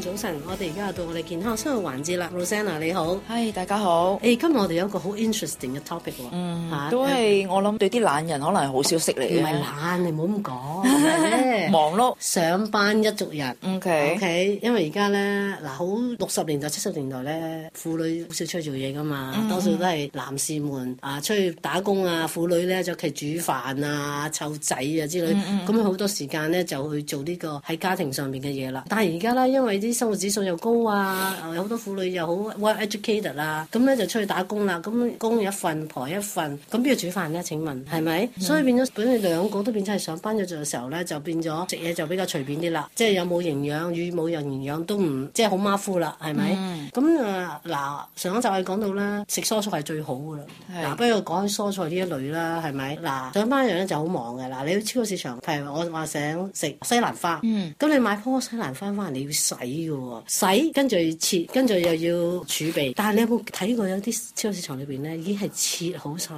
早晨，我哋而家又到我哋健康生活環節啦，Rosanna 你好，嗨，大家好，hey, 今日我哋有一個好 interesting 嘅 topic 喎、嗯啊，嗯都係我諗對啲懶人可能係好消息嚟嘅，唔、嗯、係懶你唔好咁講，忙碌上班一族人，OK OK，因為而家咧嗱好六十年代七十年代咧，婦女好少出去做嘢㗎嘛、嗯，多數都係男士們啊出去打工啊，婦女咧就其煮飯啊湊仔啊之類，咁、嗯、好多時間咧就去做呢個喺家庭上面嘅嘢啦，但係而家咧因為啲啲生活指數又高啊，有好多婦女又好，well educated 啦咁咧就出去打工啦，咁供一份，婆一份，咁邊度煮飯咧？請問係咪、嗯？所以變咗，本來兩個都變咗係上班嘅時候咧，就變咗食嘢就比較隨便啲啦，即係有冇營養與冇人營養都唔，即係好馬虎啦，係咪？咁啊嗱，上一集係講到呢，食蔬菜係最好㗎啦，嗱，不如講起蔬菜呢一類啦，係咪？嗱，上班人咧就好忙嘅啦，你去超級市場，譬如我話想食西蘭花，咁、嗯、你買棵西蘭花翻嚟你要洗。洗跟住切，跟住又要儲備。但係你有冇睇過有啲超市場裏邊咧，已經係切好曬，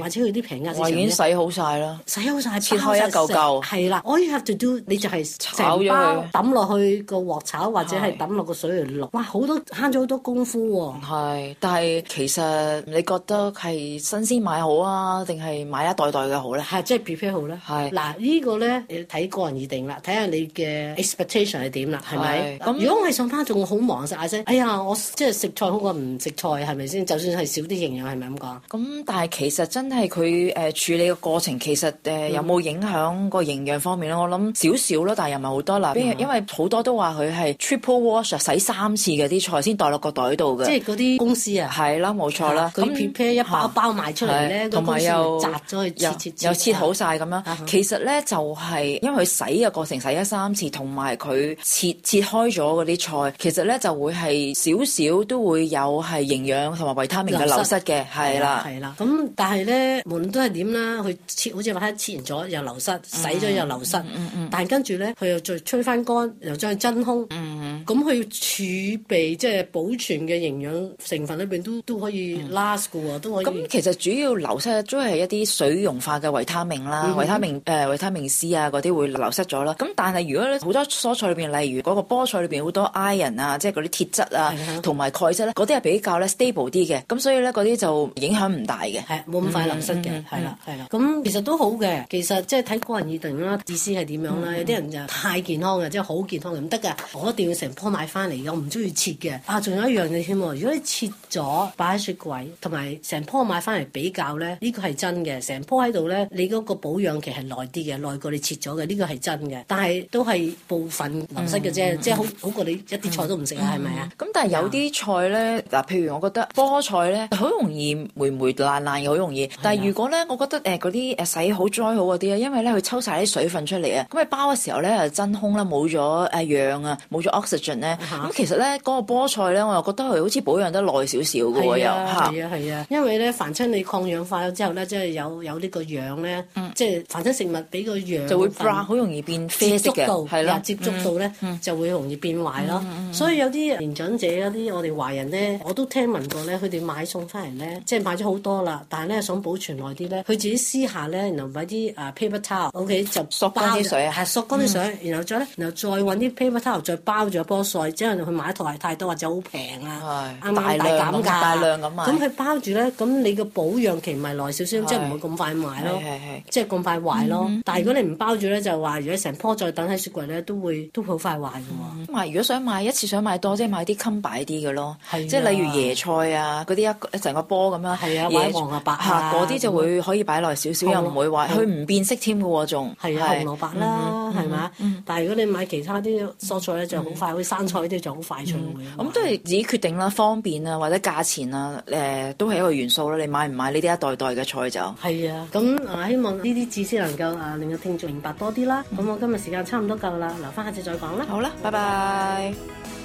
或者佢啲平價市場已經洗好晒啦，洗好晒，切開一嚿嚿。係啦，I have to do，你就係成包抌落去個鑊炒，或者係抌落個水嚟淥。哇，好多慳咗好多功夫喎。係，但係其實你覺得係新鮮買好啊，定係買一袋袋嘅好咧？係即係 prepare 好咧？係嗱，這個、呢個咧要睇個人而定啦，睇下你嘅 expectation 係點啦，係咪？是如果我係上班，仲好忙，晒。下先。哎呀，我即係食菜好過唔食菜，係咪先？就算係少啲營養，係咪咁講？咁但係其實真係佢誒處理嘅過程，其實誒有冇影響個營養方面咧？我諗少少咯，但係又唔係好多嗱。因為好多都話佢係 triple wash，洗三次嘅啲菜先袋落個袋度嘅。即係嗰啲公司啊。係啦，冇錯啦。咁 p r 一包一包賣出嚟咧，同埋又紮咗又切好晒咁、啊、樣。其實咧就係因為佢洗嘅過程洗咗三次，同埋佢切切開。咗嗰啲菜，其實咧就會係少少都會有係營養同埋維他命嘅流失嘅。係啦，係啦。咁但係咧，無論都係點啦，佢切好似話切完咗又流失，洗咗又流失，嗯失嗯，嗯，嗯。但係跟住咧，佢又再吹翻乾，又將佢真空。嗯咁佢要儲備即係、就是、保存嘅營養成分裏面都都可以 last 嘅喎、嗯，都可以。咁其實主要流失嘅都係一啲水溶化嘅維他命啦、嗯，維他命誒、呃、維他命 C 啊嗰啲會流失咗啦。咁但係如果好多蔬菜裏面，例如嗰個菠菜裏面好多 iron 啊，即係嗰啲鐵質啊，同埋、啊、鈣質咧，嗰啲係比較咧 stable 啲嘅。咁所以咧嗰啲就影響唔大嘅，係冇咁、啊、快流失嘅，係、嗯、啦，係啦、啊。咁、嗯啊啊、其實都好嘅，其實即係睇個人而定啦，自私係點樣啦、嗯？有啲人就太健康嘅，即係好健康唔得㗎，我一定要成。買買翻嚟嘅，我唔中意切嘅。啊，仲有一樣嘅添喎。如果你切咗擺喺雪櫃，同埋成棵買翻嚟比較咧，呢個係真嘅。成棵喺度咧，你嗰個保養期係耐啲嘅，耐過你切咗嘅。呢個係真嘅。但係都係部分流失嘅啫，即係好好，好過你一啲菜都唔食啊？係咪啊？咁、嗯、但係有啲菜咧，嗱、嗯，譬如我覺得菠菜咧，好容易霉霉爛爛嘅，好容易。但係如果咧，我覺得嗰啲洗好、栽好嗰啲咧，因為咧佢抽晒啲水分出嚟啊。咁你包嘅時候咧，真空啦，冇咗誒氧啊，冇咗咧、嗯、咁、嗯嗯嗯、其實咧嗰、那個菠菜咧，我又覺得佢好似保養得耐少少嘅喎，又嚇。係啊，係、嗯、啊，啊，啊，因為咧，凡親你抗氧化咗之後咧、就是嗯，即係有有呢個氧咧，即係凡親食物俾個氧就會變，好容易變啡色嘅，係啦，接觸到咧、嗯嗯、就會容易變壞咯。嗯、所以有啲年長者嗰啲、嗯，我哋華人咧，我都聽聞過咧，佢哋買餸翻嚟咧，即、就、係、是、買咗好多啦，但係咧想保存耐啲咧，佢自己私下咧，然後揾啲啊 paper towel，OK、嗯 okay, 就縮乾啲水啊，係索乾啲水，水、嗯水嗯，然後再咧，然後再揾啲 paper towel 再包住。菠菜即係去買一枱太多或者好平啊，大大減價，大量咁買。咁佢包住咧，咁你個保養期咪耐少少，即係唔會咁快壞咯。即係咁快壞咯。嗯、但係如果你唔包住咧，就係話如果成棵再等喺雪櫃咧，都會都好快壞嘅喎。如果想買一次想買多，即、就、係、是、買啲襟擺啲嘅咯，啊、即係例如椰菜啊嗰啲一成個波咁樣，買黃芽白嗰啲就會可以擺耐少少，又唔會話佢唔變色添嘅喎，仲、嗯、係啊，紅蘿蔔啦，係、嗯、嘛、嗯？但係如果你買其他啲蔬菜咧、嗯，就好快生、嗯、菜呢啲就好快脆，咁、嗯嗯嗯、都係自己決定啦，方便啊或者價錢啊，誒、呃、都係一個元素啦。你買唔買呢啲一袋袋嘅菜就係啊，咁、嗯、啊、呃、希望呢啲知識能夠啊令到聽眾明白多啲啦。咁、嗯、我今日時間差唔多夠啦，留翻下次再講啦。好啦，拜拜。拜拜。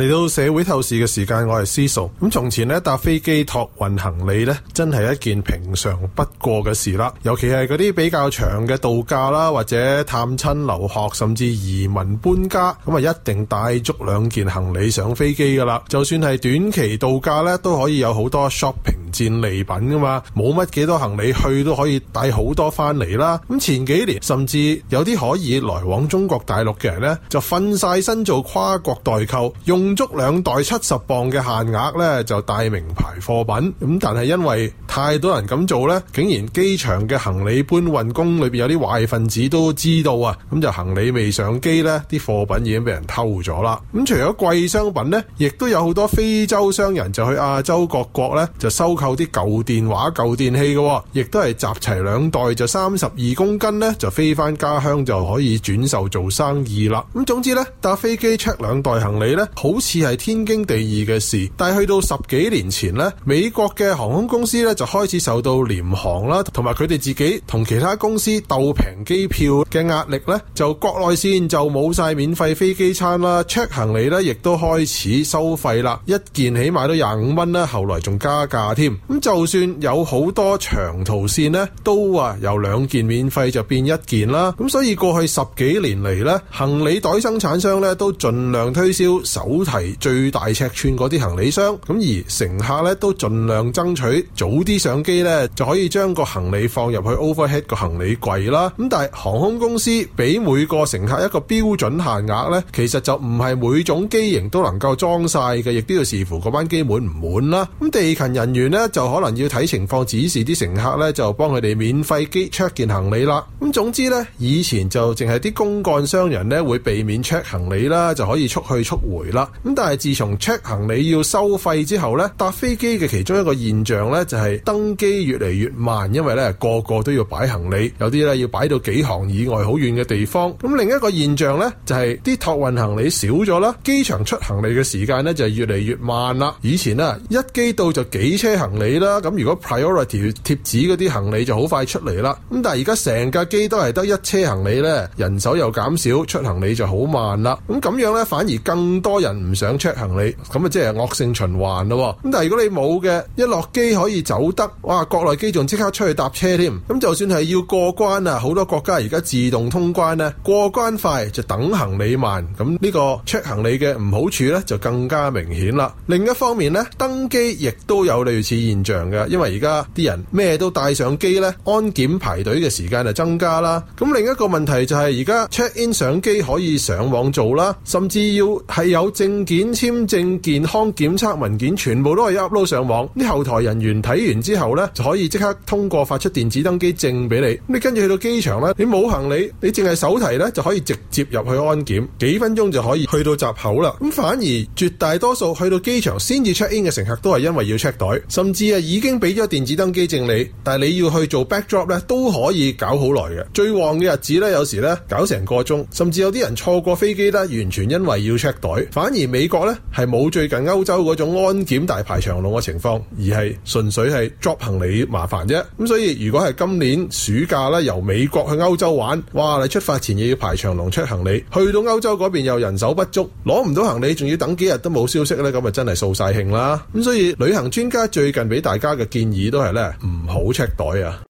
嚟到社會透視嘅時間，我係司。咁從前呢搭飛機託運行李呢，真係一件平常不過嘅事啦。尤其係嗰啲比較長嘅度假啦，或者探親、留學，甚至移民搬家，咁啊一定帶足兩件行李上飛機㗎啦。就算係短期度假呢，都可以有好多 shopping。戰利品噶嘛，冇乜幾多行李去都可以帶好多翻嚟啦。咁前幾年甚至有啲可以來往中國大陸嘅人呢，就瞓晒身做跨國代購，用足兩袋七十磅嘅限額呢，就帶名牌貨品。咁但係因為，太多人咁做呢，竟然機場嘅行李搬運工裏面有啲壞分子都知道啊，咁就行李未上機呢啲貨品已經俾人偷咗啦。咁除咗貴商品呢，亦都有好多非洲商人就去亞洲各國呢，就收購啲舊電話、舊電器嘅、哦，亦都係集齊兩袋就三十二公斤呢，就飛翻家鄉就可以轉售做生意啦。咁總之呢，搭飛機 check 兩袋行李呢，好似係天經地義嘅事，但係去到十幾年前呢，美國嘅航空公司呢。就開始受到廉航啦，同埋佢哋自己同其他公司鬥平機票嘅壓力呢，就國內線就冇晒免費飛機餐啦，check 行李呢亦都開始收費啦，一件起碼都廿五蚊啦，後來仲加價添。咁就算有好多長途線呢，都話由兩件免費就變一件啦。咁所以過去十幾年嚟呢，行李袋生產商呢都盡量推銷手提最大尺寸嗰啲行李箱，咁而乘客呢都盡量爭取早啲。啲相機咧就可以將個行李放入去 overhead 個行李櫃啦。咁但係航空公司俾每個乘客一個標準限額呢，其實就唔係每種機型都能夠裝晒嘅，亦都要視乎嗰班機滿唔滿啦。咁地勤人員呢，就可能要睇情況，指示啲乘客呢，就幫佢哋免費 check 件行李啦。咁總之呢，以前就淨係啲公幹商人呢會避免 check 行李啦，就可以速去速回啦。咁但係自從 check 行李要收費之後呢，搭飛機嘅其中一個現象呢，就係、是。登機越嚟越慢，因為咧個個都要擺行李，有啲咧要擺到幾行以外好遠嘅地方。咁另一個現象呢，就係啲託運行李少咗啦，機場出行李嘅時間咧就越嚟越慢啦。以前啊，一機到就幾車行李啦，咁如果 priority 貼紙嗰啲行李就好快出嚟啦。咁但係而家成架機都係得一車行李呢，人手又減少，出行李就好慢啦。咁咁樣呢，反而更多人唔想 check 行李，咁啊即係惡性循環咯。咁但係如果你冇嘅，一落機可以走。得哇！國內機仲即刻出去搭車添，咁就算係要過關啊，好多國家而家自動通關咧，過關快就等行李慢，咁呢個 check 行李嘅唔好處呢，就更加明顯啦。另一方面呢，登機亦都有類似現象嘅，因為而家啲人咩都帶上機呢，安檢排隊嘅時間就增加啦。咁另一個問題就係而家 check in 上機可以上網做啦，甚至要係有證件、簽證、健康檢測文件，全部都係 upload 上網，啲後台人員睇完。之後咧就可以即刻通過發出電子登機證俾你，你跟住去到機場呢，你冇行李，你淨係手提呢就可以直接入去安檢，幾分鐘就可以去到閘口啦。咁反而絕大多數去到機場先至 check in 嘅乘客都係因為要 check 袋，甚至已經俾咗電子登機證你，但係你要去做 backdrop 呢都可以搞好耐嘅。最旺嘅日子呢，有時呢搞成個鐘，甚至有啲人錯過飛機呢，完全因為要 check 袋。反而美國呢係冇最近歐洲嗰種安檢大排長龍嘅情況，而係純粹係。裝行李麻煩啫，咁所以如果係今年暑假咧，由美國去歐洲玩，哇！你出發前又要排長龍出行李，去到歐洲嗰邊又人手不足，攞唔到行李，仲要等幾日都冇消息咧，咁啊真係掃晒興啦！咁所以旅行專家最近俾大家嘅建議都係咧，唔好 check 袋啊。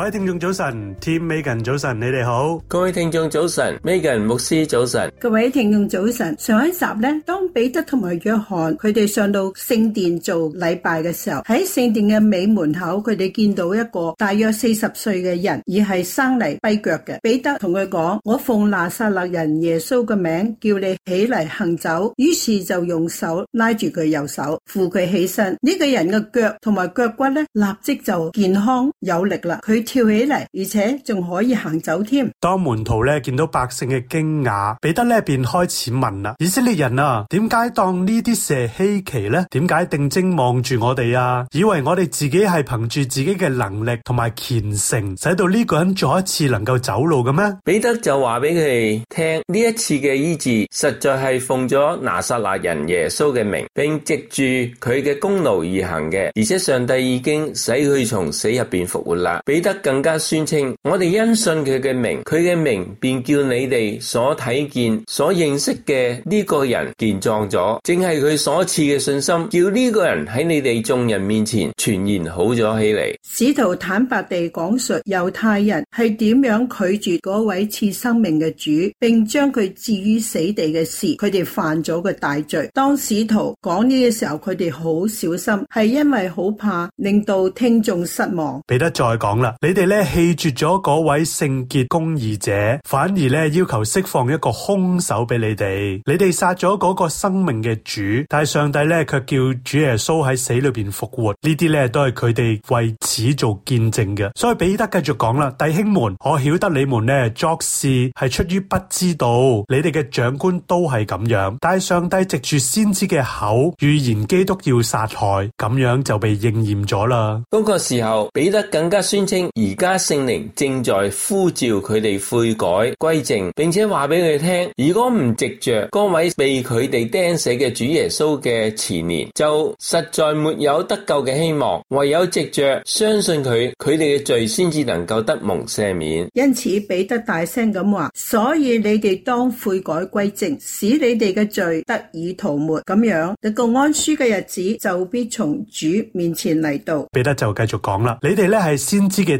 各位聽眾早晨，Tim Megan 早晨，你哋好。各位聽眾早晨，Megan 牧師早晨。各位聽眾早晨。上一集咧，當彼得同埋約翰佢哋上到聖殿做禮拜嘅時候，喺聖殿嘅尾門口，佢哋見到一個大約四十歲嘅人，而係生嚟跛腳嘅。彼得同佢講：我奉拿撒勒人耶穌嘅名叫你起嚟行走。於是就用手拉住佢右手，扶佢起身。呢個人嘅腳同埋腳骨咧，立即就健康有力啦。佢。跳起嚟，而且仲可以行走添。當門徒咧見到百姓嘅驚訝，彼得呢便開始問啦：以色列人啊，點解當呢啲事稀奇呢？點解定睛望住我哋啊？以為我哋自己係憑住自己嘅能力同埋虔誠，使到呢個人再一次能夠走路嘅咩？彼得就話俾佢哋聽：呢一次嘅醫治，實在係奉咗拿撒勒人耶穌嘅名，並藉住佢嘅功勞而行嘅。而且上帝已經使佢從死入邊復活啦。彼得。更加宣稱，我哋因信佢嘅名，佢嘅名便叫你哋所睇見、所認識嘅呢個人健壯咗，正係佢所賜嘅信心，叫呢個人喺你哋眾人面前全然好咗起嚟。使徒坦白地講述猶太人係點樣拒絕嗰位賜生命嘅主，並將佢置於死地嘅事，佢哋犯咗個大罪。當使徒講呢嘅時候，佢哋好小心，係因為好怕令到聽眾失望，唔得再講啦。你哋咧棄絕咗嗰位聖潔公義者，反而咧要求釋放一個凶手俾你哋。你哋殺咗嗰個生命嘅主，但係上帝咧卻叫主耶穌喺死裏邊復活。呢啲咧都係佢哋為此做見證嘅。所以彼得繼續講啦：弟兄們，我曉得你們咧作事係出於不知道，你哋嘅長官都係咁樣。但係上帝藉住先知嘅口預言基督要殺害，咁樣就被應驗咗啦。嗰個時候，彼得更加宣稱。而家聖靈正在呼召佢哋悔改歸正，並且話俾佢哋聽：如果唔執着，嗰位被佢哋釘死嘅主耶穌嘅慈憐，就實在沒有得救嘅希望。唯有執着相信佢，佢哋嘅罪先至能夠得蒙赦免。因此彼得大聲咁話：所以你哋當悔改歸正，使你哋嘅罪得以塗抹。咁樣，你個安舒嘅日子就必從主面前嚟到。彼得就繼續講啦：你哋咧係先知嘅。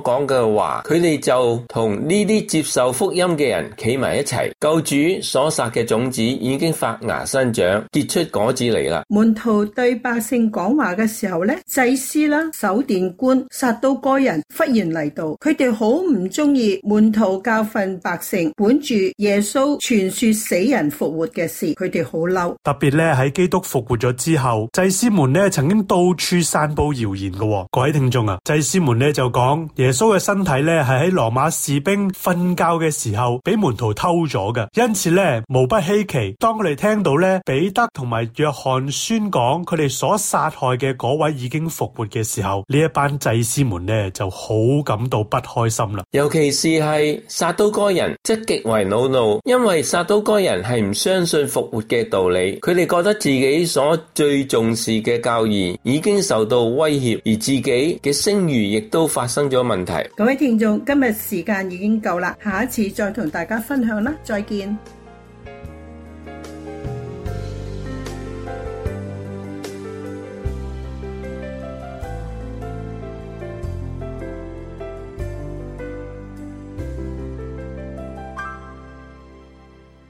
講嘅話，佢哋就同呢啲接受福音嘅人企埋一齊。救主所撒嘅種子已經發芽生長，結出果子嚟啦。門徒對百姓講話嘅時候咧，祭司啦、守殿官、撒都該人忽然嚟到，佢哋好唔中意門徒教訓百姓，本住耶穌傳說死人復活嘅事，佢哋好嬲。特別咧喺基督復活咗之後，祭司們咧曾經到處散布謠言嘅。各位聽眾啊，祭司們咧就講嘢。耶穌嘅身體咧係喺羅馬士兵瞓覺嘅時候，俾門徒偷咗嘅。因此咧，無不稀奇。當佢哋聽到咧彼得同埋約翰宣講佢哋所殺害嘅嗰位已經復活嘅時候，呢一班祭司們咧就好感到不開心啦。尤其是係撒都該人，即係極為惱怒，因為撒都該人係唔相信復活嘅道理。佢哋覺得自己所最重視嘅教義已經受到威脅，而自己嘅聲譽亦都發生咗問題。各位聽眾，今日時間已經夠啦，下一次再同大家分享啦，再見。